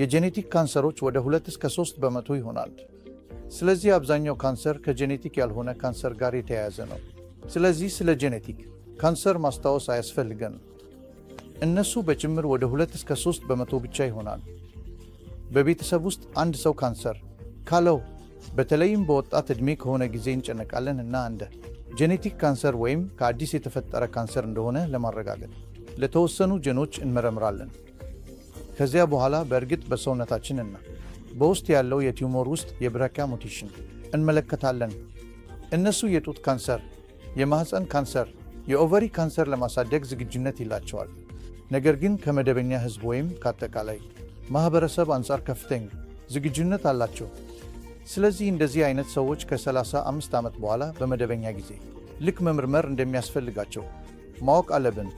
የጄኔቲክ ካንሰሮች ወደ 2 እስከ 3 በመቶ ይሆናል። ስለዚህ አብዛኛው ካንሰር ከጄኔቲክ ያልሆነ ካንሰር ጋር የተያያዘ ነው። ስለዚህ ስለ ጄኔቲክ ካንሰር ማስታወስ አያስፈልገን። እነሱ በጭምር ወደ 2 እስከ 3 በመቶ ብቻ ይሆናል። በቤተሰብ ውስጥ አንድ ሰው ካንሰር ካለው በተለይም በወጣት ዕድሜ ከሆነ ጊዜ እንጨነቃለን እና እንደ ጄኔቲክ ካንሰር ወይም ከአዲስ የተፈጠረ ካንሰር እንደሆነ ለማረጋገጥ ለተወሰኑ ጀኖች እንመረምራለን። ከዚያ በኋላ በእርግጥ በሰውነታችንና በውስጥ ያለው የቲዩሞር ውስጥ የብረኪያ ሙቴሽን እንመለከታለን። እነሱ የጡት ካንሰር፣ የማህፀን ካንሰር፣ የኦቨሪ ካንሰር ለማሳደግ ዝግጁነት ይላቸዋል። ነገር ግን ከመደበኛ ህዝብ ወይም ከአጠቃላይ ማህበረሰብ አንጻር ከፍተኛ ዝግጁነት አላቸው። ስለዚህ እንደዚህ አይነት ሰዎች ከ35 ዓመት በኋላ በመደበኛ ጊዜ ልክ መምርመር እንደሚያስፈልጋቸው ማወቅ አለብን።